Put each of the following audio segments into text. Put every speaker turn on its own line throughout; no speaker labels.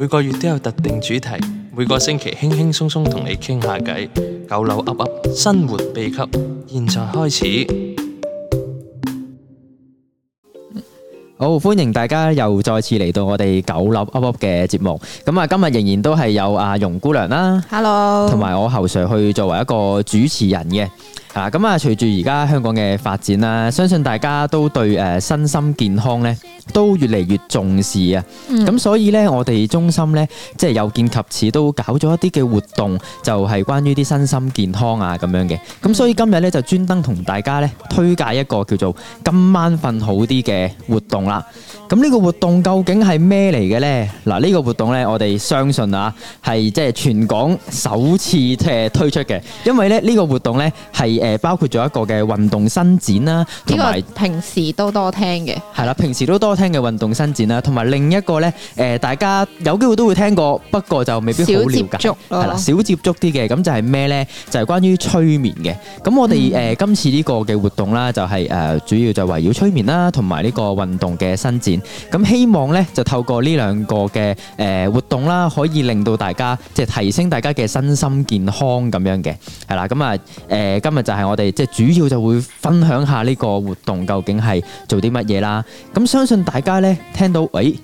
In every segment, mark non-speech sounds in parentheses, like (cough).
每個月都有特定主題，每個星期輕輕鬆鬆同你傾下偈。九樓噏噏，生活秘笈，現在開始。好，歡迎大家又再次嚟到我哋九樓噏噏嘅節目。咁啊，今日仍然都係有阿容姑娘啦，Hello，同埋我侯 sir 去作為一個主持人嘅。係咁啊，隨住而家香港嘅發展啦，相信大家都對誒身心健康咧都越嚟越重視啊。咁、嗯、所以咧，我哋中心咧即係有見及此，都搞咗一啲嘅活動，就係、是、關於啲身心健康啊咁樣嘅。咁所以今日咧就專登同大家咧推介一個叫做「今晚瞓好啲」嘅活動啦。咁呢個活動究竟係咩嚟嘅咧？嗱、啊、呢、這個活動咧，我哋相信啊，係即係全港首次誒、啊、推出嘅，因為咧呢、這個活動咧係。誒，包括咗一個嘅運動伸展啦，同埋
平時都多聽嘅，
係啦，平時都多聽嘅運動伸展啦，同埋另一個咧，誒，大家有機會都會聽過，不過就未必好了解，係啦，少接觸啲嘅，咁就係咩咧？就係關於催眠嘅。咁我哋誒，今次呢個嘅活動啦，就係誒，主要就圍繞催眠啦，同埋呢個運動嘅伸展。咁希望咧，就透過呢兩個嘅誒活動啦，可以令到大家即係提升大家嘅身心健康咁樣嘅，係啦。咁啊，誒，今日。就係我哋即係主要就會分享下呢個活動究竟係做啲乜嘢啦。咁相信大家呢聽到，誒。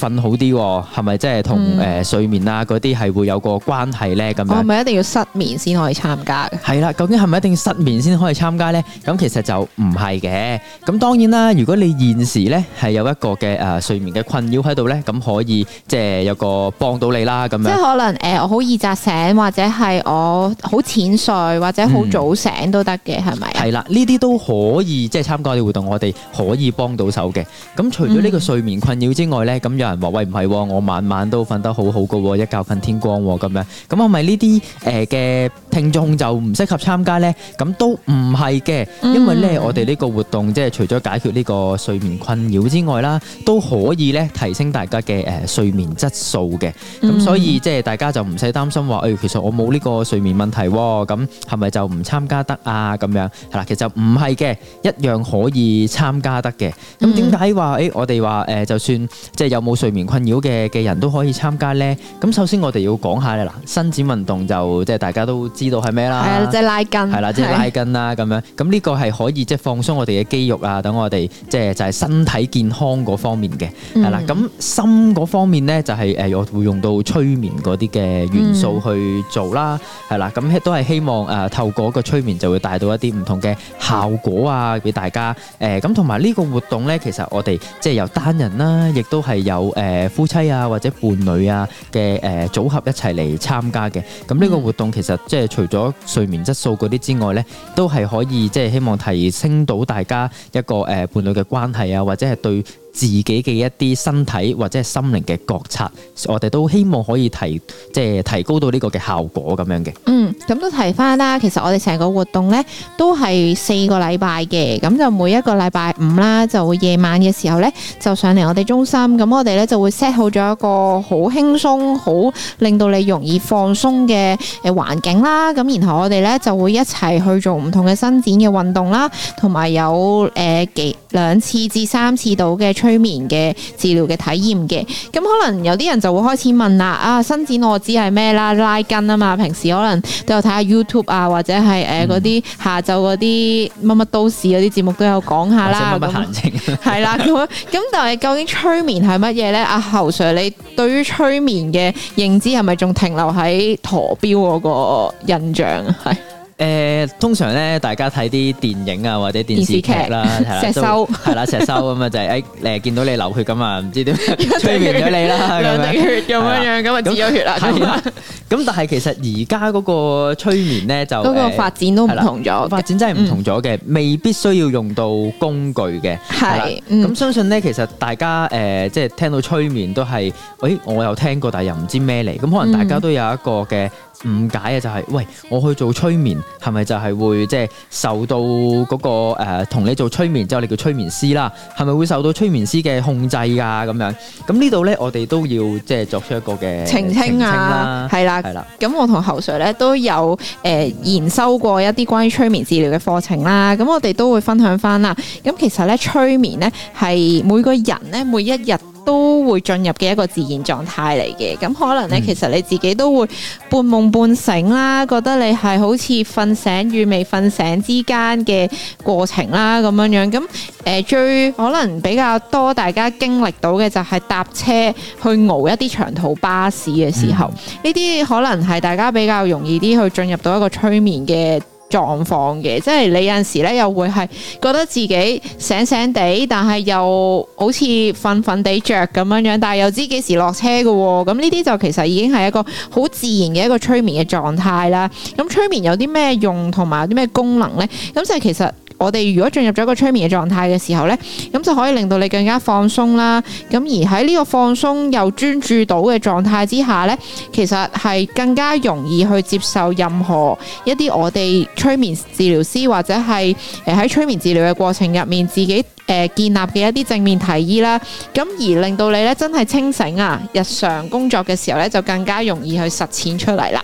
瞓好啲喎，係咪即係同誒睡眠啊嗰啲係會有個關係咧？咁樣我係咪一
定要失眠先可以參加嘅？
係啦，究竟係咪一定要失眠先可以參加咧？咁其實就唔係嘅。咁當然啦，如果你現時咧係有一個嘅誒睡眠嘅困擾喺度咧，咁可以即係有個幫到你啦。咁樣即係可
能誒，我好易扎醒，或者係我好淺睡，或者好早醒都得嘅，係咪？
係啦，呢啲都可以即係參加啲活動，我哋可以幫到手嘅。咁除咗呢個睡眠困擾之外咧，咁樣。有人話：喂，唔係，我晚晚都瞓得好好嘅，一覺瞓天光咁樣。咁係咪呢啲誒嘅聽眾就唔適合參加咧？咁都唔係嘅，因為咧，我哋呢個活動即係除咗解決呢個睡眠困擾之外啦，都可以咧提升大家嘅誒睡眠質素嘅。咁所以即係大家就唔使擔心話，誒，其實我冇呢個睡眠問題喎。咁係咪就唔參加得啊？咁樣係啦，其實唔係嘅，一樣可以參加得嘅。咁點解話誒？我哋話誒，就算即係有冇冇睡眠困擾嘅嘅人都可以參加咧。咁首先我哋要講下啦，嗱，伸展運動就即係大家都知道係咩啦，係啊，即係拉筋，係啦的、這個，即係拉筋啦咁樣，咁呢個係可以即係放鬆我哋嘅肌肉啊，等我哋即係就係、是、身體健康嗰方面嘅。係啦、嗯，咁心嗰方面咧就係誒我會用到催眠嗰啲嘅元素去做啦。係啦、嗯，咁都係希望誒、呃、透過個催眠就會帶到一啲唔同嘅效果啊，俾大家誒咁同埋呢個活動咧，其實我哋即係有單人啦，亦都係有。誒、呃，夫妻啊或者伴侶啊嘅誒、呃、組合一齊嚟參加嘅，咁呢個活動其實即係除咗睡眠質素嗰啲之外咧，都係可以即係希望提升到大家一個誒、呃、伴侶嘅關係啊，或者係對。自己嘅一啲身體或者係心靈嘅覺察，我哋都希望可以提，即係提高到呢個嘅效果咁樣嘅。
嗯，咁都提翻啦。其實我哋成個活動咧都係四個禮拜嘅，咁就每一個禮拜五啦，就會夜晚嘅時候咧就上嚟我哋中心。咁我哋咧就會 set 好咗一個好輕鬆好令到你容易放鬆嘅誒環境啦。咁然後我哋咧就會一齊去做唔同嘅伸展嘅運動啦，同埋有誒、呃、幾兩次至三次度嘅。催眠嘅治療嘅體驗嘅咁，可能有啲人就會開始問啦啊，啊，伸展我知係咩啦，拉筋啊嘛。平時可能都有睇下 YouTube 啊，或者係誒嗰啲下晝嗰啲乜乜都市嗰啲節目都有講下啦。乜乜閒情係啦咁咁，但係究竟催眠係乜嘢呢？阿、 (laughs) 啊、侯 sir，你對於催眠嘅認知係咪仲停留喺陀錶嗰個印象係？ (laughs)
誒，通常咧，大家睇啲電影啊，或者電視劇啦，係啦，係啦，石修咁啊，就係誒，見到你流血咁啊，唔知點催眠咗你啦，兩滴血咁樣樣，咁啊止咗血啦咁啊。咁但係其實而家嗰個催眠咧，就嗰個發展都唔同咗，發展真係唔同咗嘅，未必需要用到工具嘅。係咁相信咧，其實大家誒，即係聽到催眠都係，誒，我有聽過，但係又唔知咩嚟？咁可能大家都有一個嘅。誤解啊，就係、是、喂，我去做催眠，係咪就係會即係、就是、受到嗰、那個誒同、呃、你做催眠之後，你、就是、叫催眠師啦，係咪會受到催眠師嘅控制㗎？咁樣咁呢度呢，我哋都要即係、就是、作出一個嘅澄清啊，係啦，係啦。
咁我同侯 sir 呢都有誒、呃、研修過一啲關於催眠治療嘅課程啦，咁我哋都會分享翻啦。咁其實呢，催眠呢係每個人呢每一日，都會進入嘅一個自然狀態嚟嘅，咁可能咧，其實你自己都會半夢半醒啦，覺得你係好似瞓醒與未瞓醒之間嘅過程啦，咁樣樣，咁誒、呃、最可能比較多大家經歷到嘅就係搭車去熬一啲長途巴士嘅時候，呢啲、嗯、可能係大家比較容易啲去進入到一個催眠嘅。狀況嘅，即係你有陣時咧又會係覺得自己醒醒地，但係又好似瞓瞓地着咁樣樣，但係又知幾時落車㗎、哦，咁呢啲就其實已經係一個好自然嘅一個催眠嘅狀態啦。咁催眠有啲咩用同埋有啲咩功能呢？咁就係其實。我哋如果進入咗一個催眠嘅狀態嘅時候呢，咁就可以令到你更加放鬆啦。咁而喺呢個放鬆又專注到嘅狀態之下呢，其實係更加容易去接受任何一啲我哋催眠治療師或者係喺、呃、催眠治療嘅過程入面自己、呃、建立嘅一啲正面提議啦。咁而令到你咧真係清醒啊，日常工作嘅時候咧，就更加容易去實踐出嚟啦。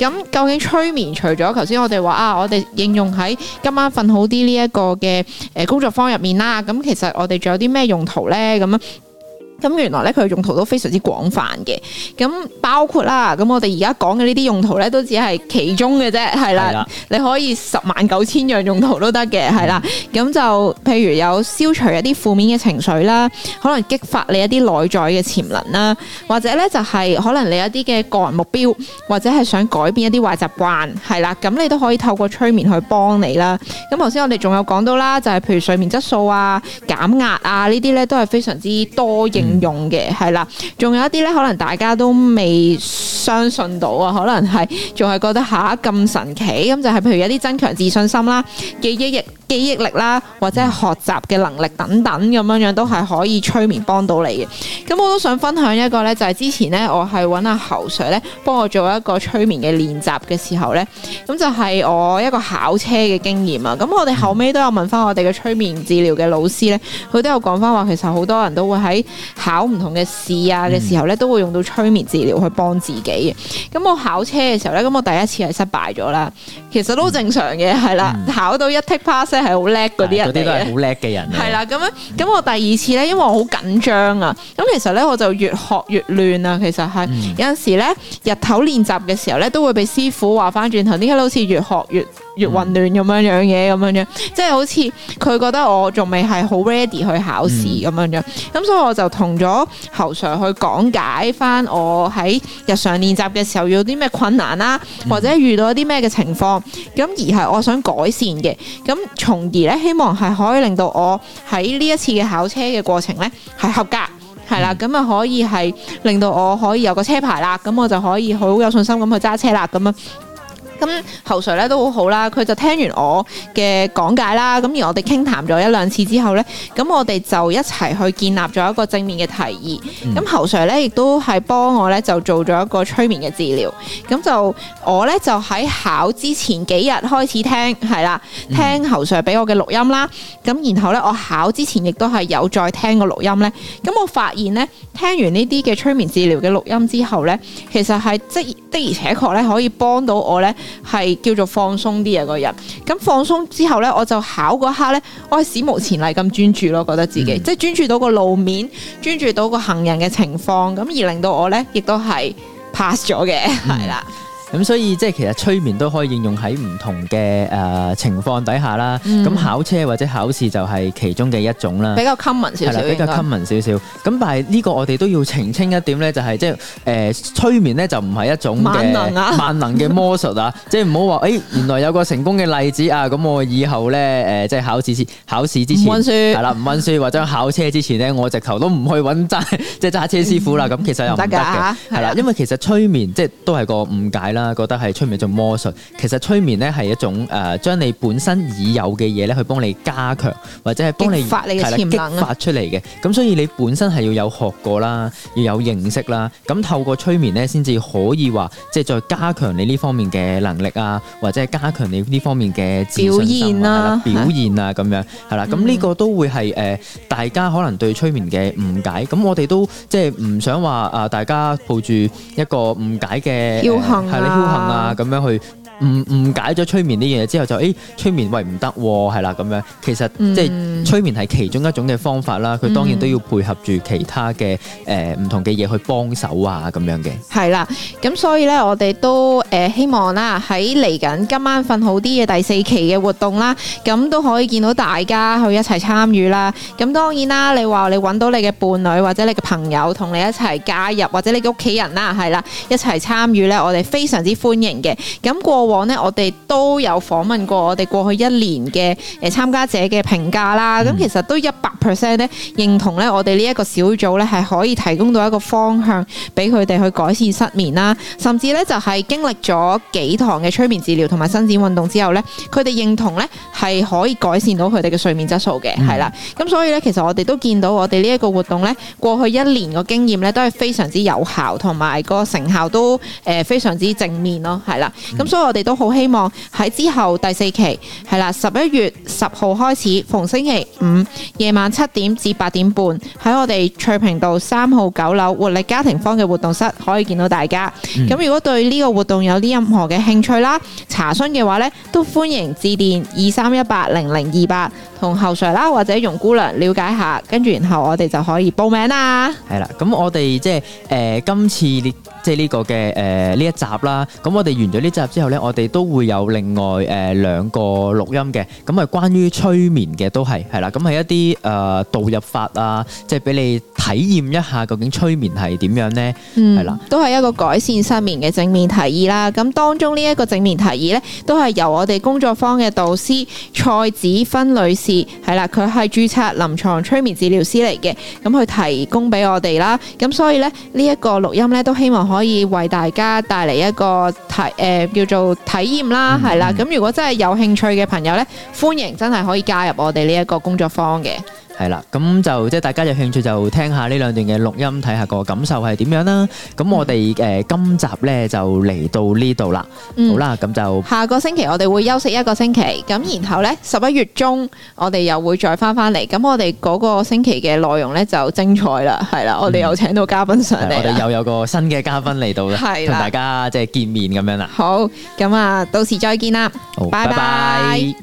咁究竟催眠除咗頭先我哋話啊，我哋應用喺今晚瞓好啲呢一個嘅、誒工作坊入面啦，咁其實我哋仲有啲咩用途咧？咁啊？咁原來咧，佢用途都非常之廣泛嘅，咁包括啦，咁我哋而家講嘅呢啲用途咧都只係其中嘅啫，係啦，的你可以十萬九千樣用途都得嘅，係啦，咁就譬如有消除一啲負面嘅情緒啦，可能激發你一啲內在嘅潛能啦，或者咧就係可能你一啲嘅個人目標，或者係想改變一啲壞習慣，係啦，咁你都可以透過催眠去幫你啦。咁頭先我哋仲有講到啦，就係、是、譬如睡眠質素啊、減壓啊呢啲咧都係非常之多應、嗯。用嘅係啦，仲有一啲咧，可能大家都未相信到啊，可能係仲係覺得吓咁神奇，咁就係譬如有啲增強自信心啦、記憶力記憶力啦，或者係學習嘅能力等等咁樣樣，都係可以催眠幫到你嘅。咁我都想分享一個咧，就係、是、之前咧，我係搵阿侯 Sir 咧，幫我做一個催眠嘅練習嘅時候咧，咁就係我一個考車嘅經驗啊。咁我哋後尾都有問翻我哋嘅催眠治療嘅老師咧，佢都有講翻話，其實好多人都會喺。考唔同嘅試啊嘅時候咧，都會用到催眠治療去幫自己。咁我考車嘅時候咧，咁我第一次係失敗咗啦。其實都好正常嘅，係啦、嗯。的考到一 take pass 係好叻嗰啲人，嗰啲都係好叻嘅人、啊。係啦，咁樣咁我第二次咧，因為我好緊張啊。咁其實咧我就越學越亂啊。其實係、嗯、有陣時咧，日頭練習嘅時候咧，都會被師傅話翻轉頭，呢刻好似越學越。越混亂咁樣樣嘢，咁樣樣，即係好似佢覺得我仲未係好 ready 去考試咁樣樣，咁所以我就同咗侯 Sir 去講解翻我喺日常練習嘅時候要有啲咩困難啦，嗯、或者遇到啲咩嘅情況，咁而係我想改善嘅，咁從而咧希望係可以令到我喺呢一次嘅考車嘅過程咧係合格，係、嗯、啦，咁啊可以係令到我可以有個車牌啦，咁我就可以好有信心咁去揸車啦，咁樣。咁侯 Sir 咧都好好啦，佢就聽完我嘅講解啦，咁而我哋傾談咗一兩次之後呢，咁我哋就一齊去建立咗一個正面嘅提議。咁、嗯、侯 Sir 咧亦都係幫我呢，就做咗一個催眠嘅治療。咁就我呢，就喺考之前幾日開始聽，係啦，聽侯 Sir 俾我嘅錄音啦。咁、嗯、然後呢，我考之前亦都係有再聽個錄音呢。咁我發現呢，聽完呢啲嘅催眠治療嘅錄音之後呢，其實係即的而且確咧可以幫到我呢。係叫做放鬆啲啊，個人咁放鬆之後咧，我就考嗰刻咧，我係史無前例咁專注咯，覺得自己、嗯、即係專注到個路面，專注到個行人嘅情況，咁而令到我咧亦都係 pass 咗嘅，係、嗯、啦。
咁所以即係其實催眠都可以應用喺唔同嘅誒情況底下啦。咁、嗯、考車或者考試就係其中嘅一種啦。比較 common 少少，係啦，比較 common 少少。咁但係呢個我哋都要澄清一點咧、就係，就係即係誒催眠咧就唔係一種萬能啊，萬能嘅魔術啊。即係唔好話誒原來有個成功嘅例子啊，咁 (laughs) 我以後咧誒、呃、即係考試，考試之前唔溫書係啦，唔溫書或者考車之前咧，我直頭都唔去揾揸即係揸車師傅啦。咁、嗯嗯、其實又唔得嘅，係啦，因為其實催眠即係都係個誤解啦。啊，覺得係催眠做魔術，其實催眠咧係一種誒、呃，將你本身已有嘅嘢咧，去幫你加強，或者係幫你激發你嘅潛能，係啦激,激發出嚟嘅。咁所以你本身係要有學過啦，要有認識啦。咁透過催眠咧，先至可以話即係再加強你呢方面嘅能力啊，或者係加強你呢方面嘅自信心啊，表現啊咁、啊啊、樣，係啦。咁呢個都會係誒、呃，大家可能對催眠嘅誤解。咁我哋都即係唔想話啊、呃，大家抱住一個誤解嘅，呃飄行啊，咁樣去。誤誤、嗯、解咗催眠呢樣嘢之後就誒、哎、催眠喂，唔得係啦咁樣其實、嗯、即係催眠係其中一種嘅方法啦，佢當然都要配合住其他嘅誒唔同嘅嘢去幫手啊咁樣嘅
係啦，咁所以咧我哋都誒、呃、希望啦喺嚟緊今晚瞓好啲嘅第四期嘅活動啦，咁都可以見到大家去一齊參與啦。咁當然啦，你話你揾到你嘅伴侶或者你嘅朋友同你一齊加入或者你嘅屋企人啦係啦一齊參與咧，我哋非常之歡迎嘅。咁過。往呢，我哋都有訪問過我哋過去一年嘅誒參加者嘅評價啦。咁、嗯、其實都一百 percent 咧認同咧，我哋呢一個小組咧係可以提供到一個方向俾佢哋去改善失眠啦。甚至咧就係、是、經歷咗幾堂嘅催眠治療同埋伸展運動之後咧，佢哋認同咧係可以改善到佢哋嘅睡眠質素嘅。係、嗯、啦，咁所以咧其實我哋都見到我哋呢一個活動咧過去一年個經驗咧都係非常之有效，同埋個成效都誒、呃、非常之正面咯。係啦，咁所以我哋。嗯亦都好希望喺之後第四期係啦，十一月十號開始，逢星期五夜晚七點至八點半喺我哋翠屏道三號九樓活力家庭坊嘅活動室可以見到大家。咁、嗯、如果對呢個活動有啲任何嘅興趣啦，查詢嘅話咧都歡迎致電二三一八零零二八同侯 sir 啦或者容姑娘了解下，跟住然後我哋就可以報名啦。
係啦，咁我哋即係誒、呃、今次即係呢個嘅誒呢一集啦，咁我哋完咗呢集之後咧。我哋都會有另外誒、呃、兩個錄音嘅，咁係關於催眠嘅，都係。係啦。咁係一啲誒導入法啊，即係俾你體驗一下究竟催眠係點樣咧？係啦，
都係一個改善失眠嘅正面提議啦。咁當中呢一個正面提議咧，都係由我哋工作坊嘅導師蔡子芬女士係啦，佢係註冊臨牀催眠治療師嚟嘅，咁佢提供俾我哋啦。咁所以咧，呢、這、一個錄音咧，都希望可以為大家帶嚟一個提誒、呃、叫做。體驗啦，係啦。嗯，咁如果真係有興趣嘅朋友咧，歡迎真係可以加入我哋呢一個工作坊嘅。
係啦，咁就即係大家有興趣就聽下呢兩段嘅錄音，睇下個感受係點樣啦。咁我哋誒今集咧就嚟到呢度啦。好啦，咁就
下個星期我哋會休息一個星期，咁然後咧十一月中我哋又會再翻翻嚟。咁我哋嗰個星期嘅內容咧就精彩啦。係啦，我哋又請到嘉賓上嚟，我哋
又有個新嘅嘉賓嚟到啦，同大家即係見面咁樣啦。好，
咁啊，到時再見啦，
拜拜。